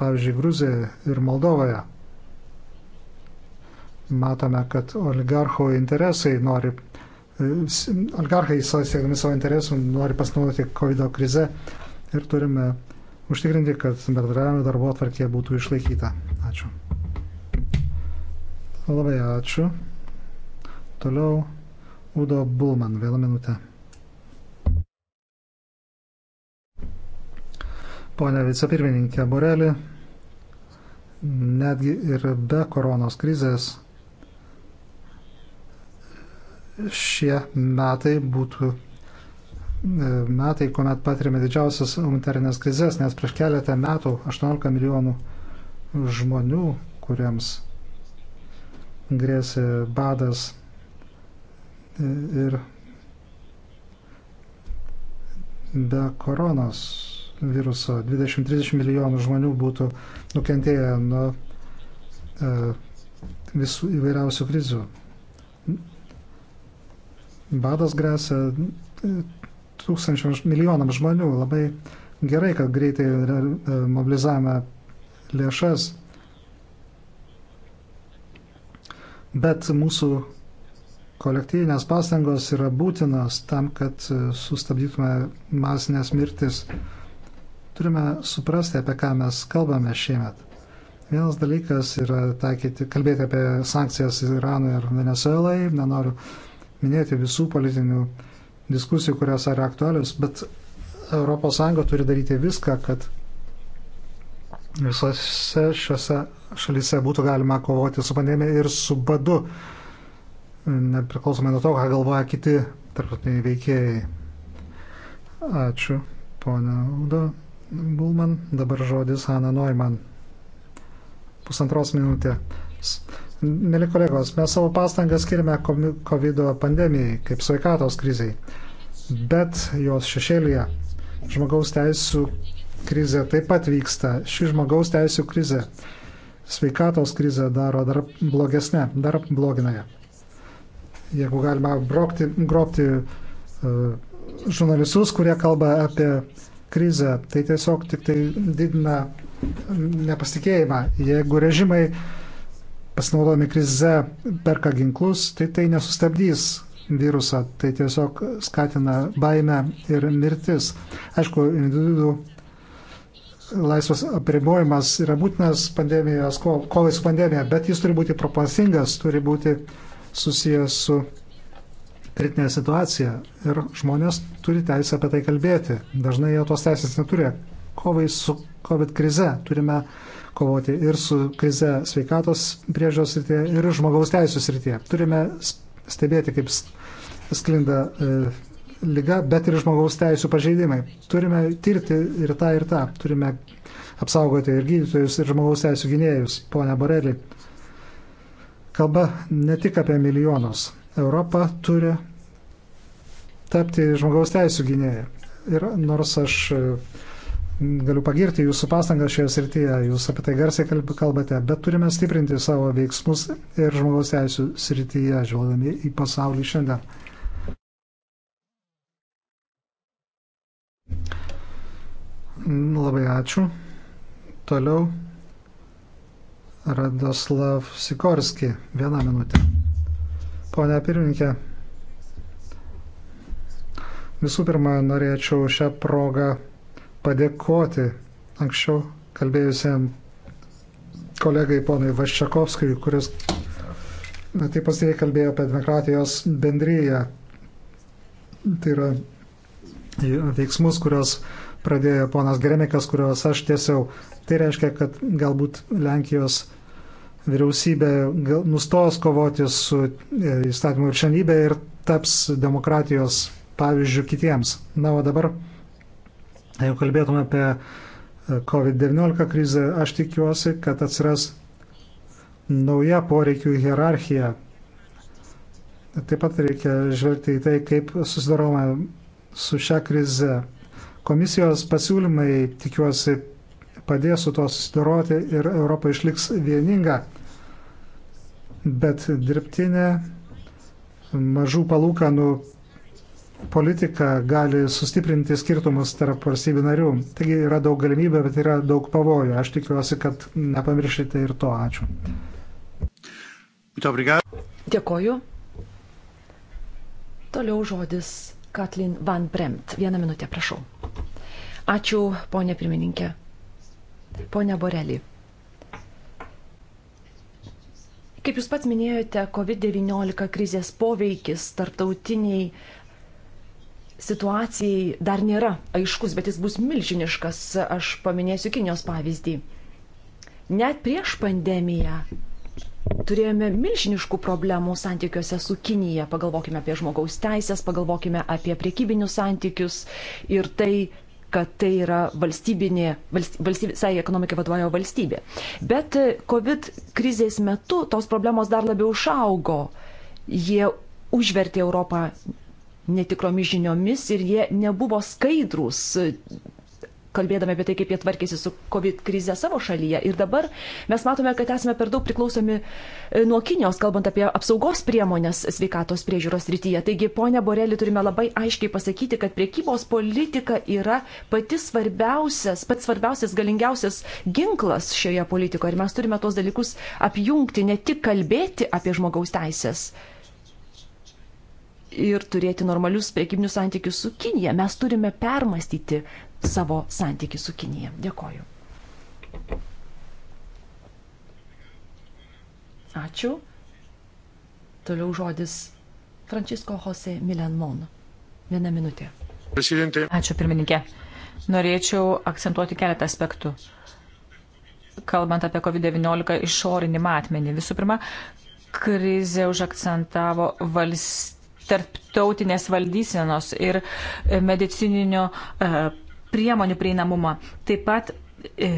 pavyzdžiui Gruzijoje ir Moldovoje matome, kad oligarchų interesai nori Oligarchai siekdami savo interesų nori pasinaudoti COVID krize ir turime užtikrinti, kad bendravimo darbo atvarkė būtų išlaikyta. Ačiū. Labai ačiū. Toliau Udo Bulman, vieną minutę. Pone vicepirmininkė Borelį, netgi ir be koronos krizės šie metai būtų e, metai, kuomet patirime didžiausias humanitarinės krizės, nes prieš keletą metų 18 milijonų žmonių, kuriems grėsė badas e, ir be koronos viruso 20-30 milijonų žmonių būtų nukentėję nuo e, visų įvairiausių krizių. Badas grėsia e, tūkstančiams milijonams žmonių. Labai gerai, kad greitai e, mobilizavome lėšas. Bet mūsų kolektyvinės pastangos yra būtinos tam, kad e, sustabdytume masinės mirtis. Turime suprasti, apie ką mes kalbame šiemet. Vienas dalykas yra taikyti, kalbėti apie sankcijas Iranui ir Venezuelai. Nenoriu uh, minėti visų politinių diskusijų, kurios yra aktualios, bet ES turi daryti viską, kad visose šiose šalyse būtų galima kovoti su pandemija ir su badu, nepriklausomai nuo to, ką galvoja kiti tarptautiniai veikėjai. Ačiū, ponia Udo Bulman. Dabar žodis Hanna Neumann. Pusantros minutės. Mėly kolegos, mes savo pastangas skirime COVID pandemijai kaip sveikatos kriziai, bet jos šešėlėje žmogaus teisų krizė taip pat vyksta. Ši žmogaus teisų krizė sveikatos krizė daro dar blogesnę, dar bloginąją. Jeigu galima brokti, grobti uh, žurnalistus, kurie kalba apie krizę, tai tiesiog tik tai didina nepasitikėjimą. Jeigu režimai uh, pasinaudodami krize perka ginklus, tai tai nesustabdys virusą, tai tiesiog skatina baimę ir mirtis. Aišku, individų laisvas apribojimas yra būtinas pandemijos, kovai su pandemija, bet jis turi būti proporcingas, turi būti susijęs su kritinė situacija ir žmonės turi teisę apie tai kalbėti. Dažnai jie tos teisės neturi kovai su COVID krize. Turime kovoti ir su krize sveikatos priežios srityje, ir žmogaus teisų srityje. Turime stebėti, kaip sklinda e, lyga, bet ir žmogaus teisų pažeidimai. Turime tirti ir tą, ir tą. Turime apsaugoti ir gydytojus, ir žmogaus teisų gynėjus, ponia Borelį. Kalba ne tik apie milijonus. Europa turi tapti žmogaus teisų gynėja. Ir nors aš e, galiu pagirti jūsų pastangas šioje srityje, jūs apie tai garsiai kalbate, bet turime stiprinti savo veiksmus ir žmogaus teisų srityje, žvelgdami į pasaulį šiandien. Labai ačiū. Toliau Radoslav Sikorski. Vieną minutę. Pone pirmininkė, visų pirma, norėčiau šią progą padėkoti anksčiau kalbėjusiam kolegai ponui Vaščiakovskijui, kuris taip pasiriai kalbėjo apie demokratijos bendryją. Tai yra veiksmus, kurios pradėjo ponas Gremikas, kuriuos aš tiesiau. Tai reiškia, kad galbūt Lenkijos vyriausybė nustos kovoti su e, įstatymu viršenybė ir taps demokratijos pavyzdžių kitiems. Na, o dabar Jeigu kalbėtume apie e, COVID-19 krizę, aš tikiuosi, kad atsiras nauja poreikių hierarchija. Taip pat reikia žvelgti į tai, kaip susidarome su šią krizę. Komisijos pasiūlymai, tikiuosi, padės su to susidoroti ir Europa išliks vieninga. Bet dirbtinė mažų palūkanų politika gali sustiprinti skirtumus tarp valstybių narių. Taigi yra daug galimybių, bet yra daug pavojų. Aš tikiuosi, kad nepamiršite ir to. Ačiū. Dėkoju. Toliau žodis Katlin Van Bremt. Vieną minutę, prašau. Ačiū, ponė pirmininkė. Pone Borelį. Kaip Jūs pats minėjote, COVID-19 krizės poveikis tarptautiniai situacijai dar nėra aiškus, bet jis bus milžiniškas. Aš paminėsiu Kinijos pavyzdį. Net prieš pandemiją turėjome milžiniškų problemų santykiuose su Kinija. Pagalvokime apie žmogaus teisės, pagalvokime apie priekybinius santykius ir tai, kad tai yra valstybinė, valstybė, sai ekonomikai vadovauja valstybė. Bet e, COVID krizės metu tos problemos dar labiau išaugo. Jie užvertė Europą netikromis žiniomis ir jie nebuvo skaidrūs, kalbėdami apie tai, kaip jie tvarkėsi su COVID krize savo šalyje. Ir dabar mes matome, kad esame per daug priklausomi e, nuo Kinijos, kalbant apie apsaugos priemonės sveikatos priežiūros rytyje. Taigi, ponia Borelį, turime labai aiškiai pasakyti, kad priekybos politika yra pati svarbiausias, pats svarbiausias, galingiausias ginklas šioje politikoje. Ir mes turime tuos dalykus apjungti, ne tik kalbėti apie žmogaus teisės ir turėti normalius priekybinius santykius su Kinija. Mes turime permastyti savo santykių su Kinija. Dėkoju. Ačiū. Toliau žodis Francisco Jose Milenmon. Viena minutė. Presidente. Ačiū pirmininkė. Norėčiau akcentuoti keletą aspektų. Kalbant apie COVID-19 išorinį matmenį. Visų pirma, krizė užakcentavo valstybę tarptautinės valdysenos ir e, medicininių e, priemonių prieinamumą. Taip pat ak, e,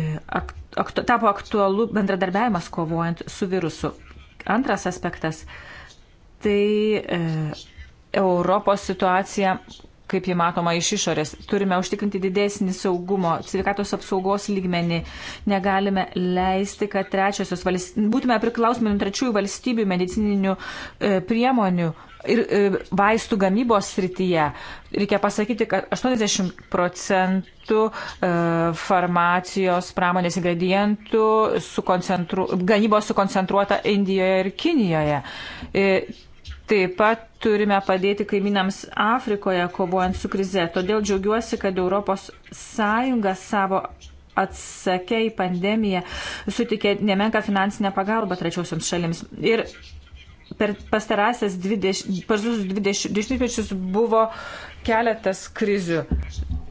ak, tapo aktualu bendradarbiavimas kovojant su virusu. Antras aspektas - tai e, Europos situacija kaip jį matoma iš išorės. Turime užtikrinti didesnį saugumo, sveikatos apsaugos lygmenį. Negalime leisti, kad trečiosios valstybės, būtume priklausomi nuo trečiųjų valstybių medicininių e, priemonių ir e, vaistų gamybos srityje. Reikia pasakyti, kad 80 procentų e, farmacijos pramonės ingredientų su koncentru, gamybos sukoncentruota Indijoje ir Kinijoje. E, Taip pat turime padėti kaiminams Afrikoje kovojant su krize. Todėl džiaugiuosi, kad ES savo atsakė į pandemiją sutikė nemenka finansinę pagalbą trečiosiams šalims. Ir per pastarąsias 20, 20 dešimtmečius buvo keletas krizių.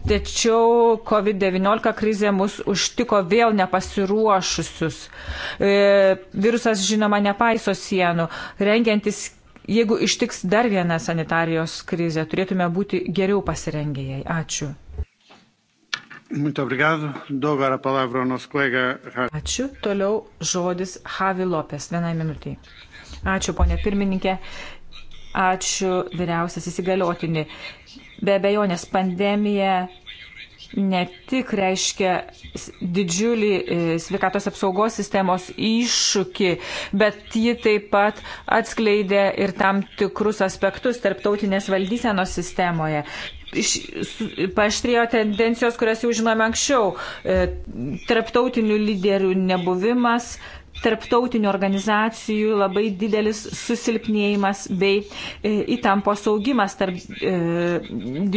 Tačiau COVID-19 krizė mus užtiko vėl nepasiruošusius. E, virusas, žinoma, nepaiso sienų. Rengiantis jeigu ištiks dar viena sanitarijos krizė, turėtume būti geriau pasirengę jai. Ačiū. Ačiū. Toliau žodis Havi Lopes. Vienai minutiai. Ačiū, ponė pirmininkė. Ačiū, vyriausias įsigaliotinį. Be abejonės, pandemija ne tik reiškia didžiulį e, sveikatos apsaugos sistemos iššūkį, bet ji taip pat atskleidė ir tam tikrus aspektus tarptautinės valdysenos sistemoje. Paštrėjo tendencijos, kurias jau žinome anksčiau. E, tarptautinių lyderių nebuvimas, tarptautinių organizacijų labai didelis susilpnėjimas bei e, įtampos augimas tarp e,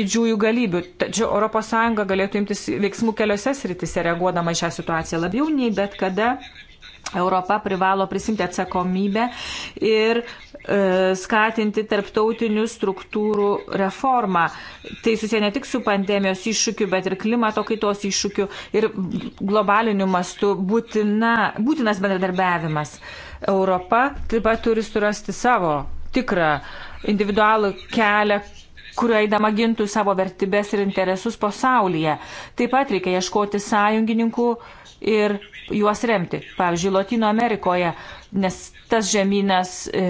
didžiųjų galybių. Tačiau ES galėtų imtis veiksmų keliose sritise reaguodama į šią situaciją labiau nei bet kada Europa privalo prisimti atsakomybę ir e, skatinti tarptautinių struktūrų reformą. Tai susiję ne tik su pandemijos iššūkiu, bet ir klimato kaitos iššūkiu ir globaliniu mastu būtina, būtinas bendradarbiavimas. Europa taip pat turi surasti savo tikrą individualų kelią kurio eidama gintų savo vertybės ir interesus pasaulyje. Taip pat reikia ieškoti sąjungininkų ir juos remti. Pavyzdžiui, Latino Amerikoje, nes tas žemynas e,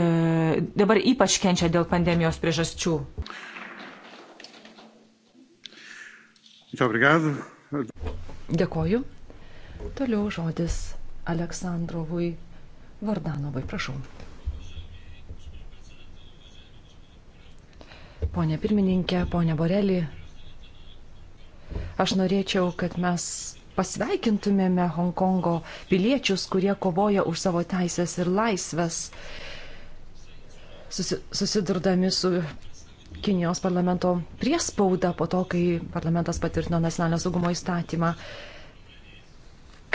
dabar ypač kenčia dėl pandemijos priežasčių. Dėkoju. Toliau žodis Aleksandrovui Vardanovai, prašau. Pone pirmininkė, pone Borelį, aš norėčiau, kad mes pasveikintumėme Hongkongo piliečius, kurie kovoja už savo teisės ir laisvės, susidurdami su Kinijos parlamento priespauda po to, kai parlamentas patvirtino nacionalinio saugumo įstatymą.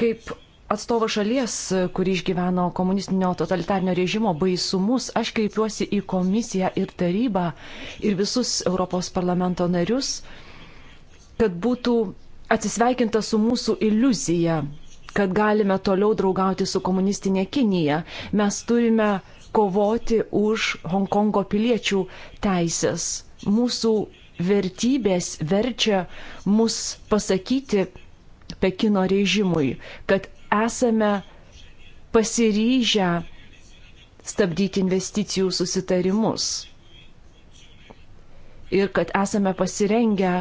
Kaip atstovas šalies, kuri išgyveno komunistinio totalitarnio režimo baisumus, aš kreipiuosi į komisiją ir tarybą ir visus Europos parlamento narius, kad būtų atsisveikinta su mūsų iliuzija, kad galime toliau draugauti su komunistinė Kinija. Mes turime kovoti už Hongkongo piliečių teisės. Mūsų vertybės verčia mus pasakyti Pekino režimui, kad esame pasiryžę stabdyti investicijų susitarimus ir kad esame pasirengę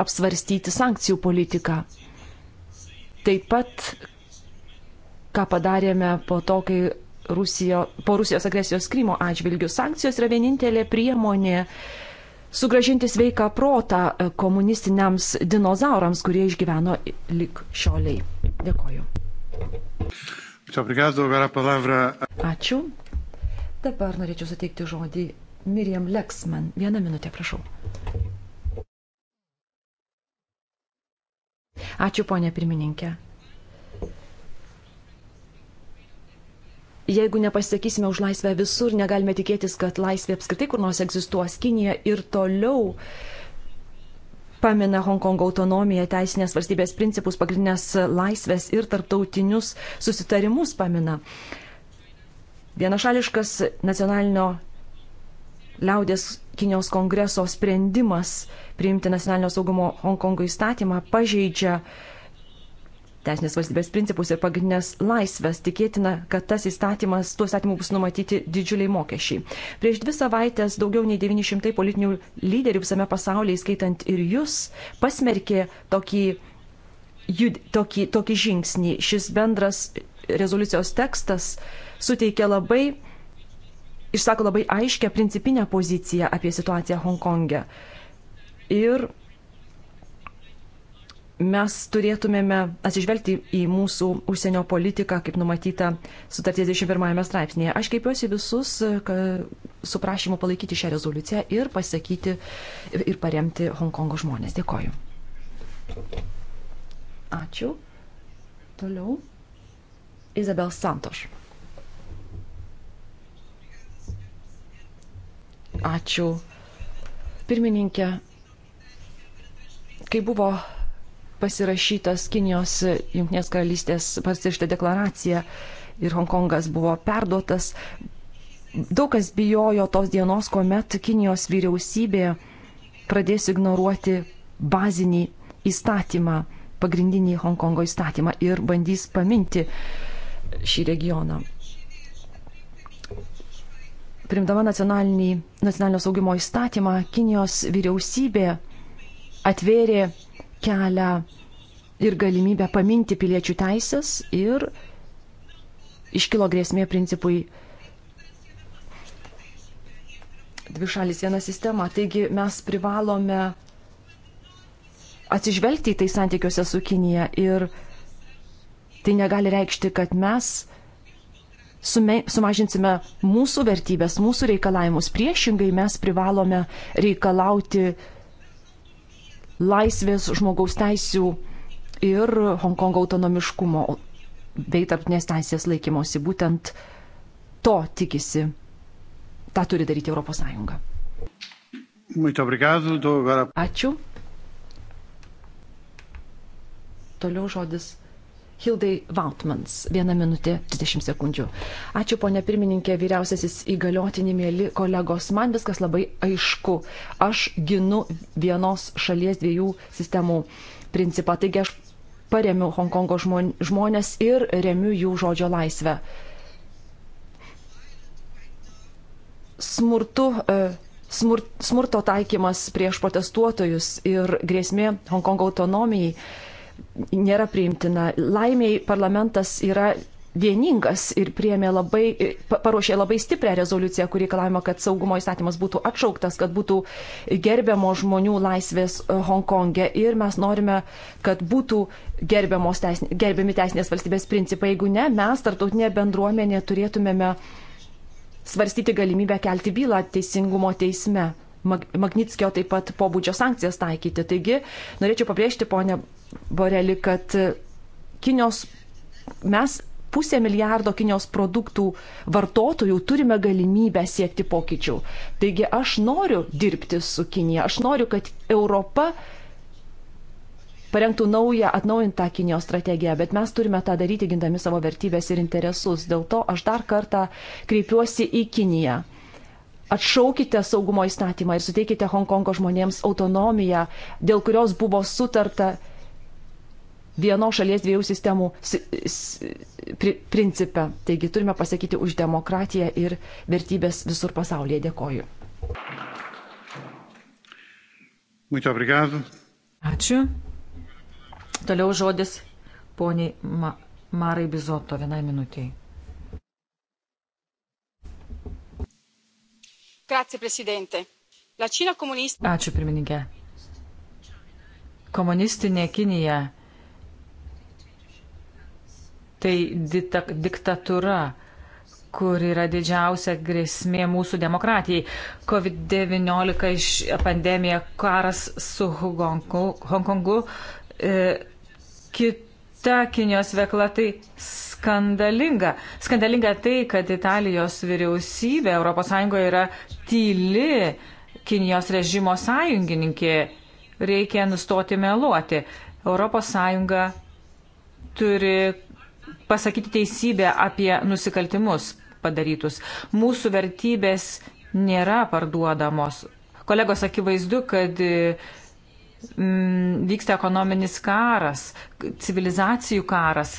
apsvarstyti sankcijų politiką. Taip pat, ką padarėme po to, kai Rusijo, po Rusijos agresijos Krymo atžvilgių, sankcijos yra vienintelė priemonė sugražinti sveiką protą e, komunistiniams dinozaurams, kurie išgyveno lik šioliai. Dėkoju. Ačiū. Dabar norėčiau suteikti žodį Miriam Leksman. Vieną minutę, prašau. Ačiū, ponė pirmininkė. Jeigu nepasisakysime už laisvę visur, negalime tikėtis, kad laisvė apskritai kur nors egzistuos. Kinija ir toliau pamina Hongkongo autonomiją, teisinės valstybės principus, pagrindinės laisvės ir tarptautinius susitarimus pamina. Vienašališkas nacionalinio liaudės Kinijos kongreso sprendimas priimti nacionalinio saugumo Hongkongo įstatymą pažeidžia teisinės valstybės principus ir pagrindinės laisvės. Tikėtina, kad tas įstatymas, tuo įstatymu bus numatyti didžiuliai mokesčiai. Prieš dvi savaitės daugiau nei 900 politinių lyderių visame pasaulyje, skaitant ir jūs, pasmerkė tokį, jud, tokį, tokį žingsnį. Šis bendras rezoliucijos tekstas suteikia labai išsako labai aiškę principinę poziciją apie situaciją Hongkonge. Ir mes turėtumėme atsižvelgti į mūsų užsienio politiką, kaip numatyta sutarties 21 straipsnėje. Aš kreipiuosi visus su prašymu palaikyti šią rezoliuciją ir pasakyti ir paremti Hongkongo žmonės. Dėkoju. Ačiū. Toliau. Izabel Santoš. Ačiū. Pirmininkė, kai buvo pasirašytas Kinijos Junktinės karalystės pasirašyta deklaracija ir Hongkongas buvo perduotas, daug kas bijojo tos dienos, kuomet Kinijos vyriausybė pradės ignoruoti bazinį įstatymą, pagrindinį Hongkongo įstatymą ir bandys paminti šį regioną primdama nacionalinio saugimo įstatymą, Kinijos vyriausybė atvėrė kelią ir galimybę paminti piliečių teisės ir iškilo grėsmė principui dvi šalis viena sistema. Taigi mes privalome atsižvelgti į tai santykiuose su Kinija ir tai negali reikšti, kad mes sumažinsime mūsų vertybės, mūsų reikalavimus. Priešingai mes privalome reikalauti laisvės žmogaus teisių ir Hongkongo autonomiškumo bei tarptinės teisės laikymosi. Būtent to tikisi, tą turi daryti ES. Ačiū. Toliau žodis Hildai Vautmans. Viena minutė 30 sekundžių. Ačiū, ponė pirmininkė, vyriausiasis įgaliotinį, mėly kolegos. Man viskas labai aišku. Aš ginu vienos šalies dviejų sistemų principą. Taigi aš paremiu Hongkongo žmonės ir remiu jų žodžio laisvę. Smurtu. Uh, smur, smurto taikymas prieš protestuotojus ir grėsmė Hongkongo autonomijai nėra priimtina. Laimiai parlamentas yra vieningas ir priėmė labai, paruošė labai stiprią rezoliuciją, kuri reikalavimo, kad saugumo įstatymas būtų atšauktas, kad būtų gerbiamo žmonių laisvės e, Hongkonge. Ir mes norime, kad būtų teisinė, gerbiami teisinės valstybės principai. Jeigu ne, mes, tarptautinė bendruomenė, turėtumėme svarstyti galimybę kelti bylą teisingumo teisme. Magnitskio taip pat pobūdžio sankcijas taikyti. Taigi, norėčiau pabrėžti, ponė Boreli, kad Kinijos mes pusę milijardo Kinijos produktų vartotojų turime galimybę siekti pokyčių. Taigi aš noriu dirbti su Kinija, aš noriu, kad Europa parengtų naują, atnaujintą Kinijos strategiją, bet mes turime tą daryti gindami savo vertybės ir interesus. Dėl to aš dar kartą kreipiuosi į Kiniją atšaukite saugumo įstatymą ir suteikite Hongkongo žmonėms autonomiją, dėl kurios buvo sutarta vienos šalies dviejų sistemų pri principą. Taigi turime pasakyti už demokratiją ir vertybės visur pasaulyje. Dėkoju. Ačiū. Toliau žodis poniai Ma Marai Bizoto vienai minutiai. Ačiū pirmininkė. Komunistinė Kinija tai diktatūra kur yra didžiausia grėsmė mūsų demokratijai. COVID-19 pandemija, karas su Hongkongu, Hongkongu e, kit, ta Kinijos veikla tai skandalinga. Skandalinga tai, kad Italijos vyriausybė ES yra tyli Kinijos režimo sąjungininkė. Reikia nustoti meluoti. ES turi pasakyti teisybę apie nusikaltimus padarytus. Mūsų vertybės nėra parduodamos. Kolegos, akivaizdu, kad Mm, vyksta ekonominis karas, civilizacijų karas,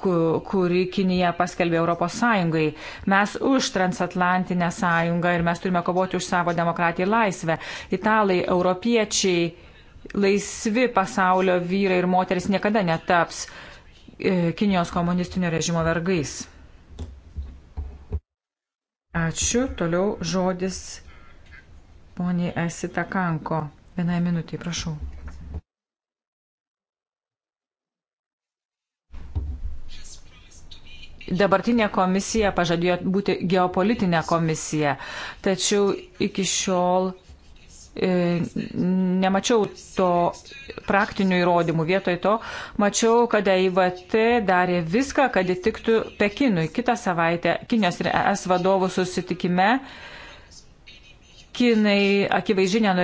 kurį Kinija paskelbė Europos Sąjungai. Mes už transatlantinę sąjungą ir mes turime kovoti už savo demokratiją ir laisvę. Italai, europiečiai, laisvi pasaulio vyrai ir moteris niekada netaps e, Kinijos komunistinio režimo vergais. Ačiū. Toliau žodis poniai Esita Kanko. Vienai minutiai, prašau. dabartinė komisija pažadėjo būti geopolitinė komisija, tačiau iki šiol e, nemačiau to praktinių įrodymų. Vietoj to mačiau, kad EIVT darė viską, kad įtiktų Pekinui. Kitą savaitę Kinijos ir ES vadovų susitikime Kinai akivaizdžiai nenorėjo.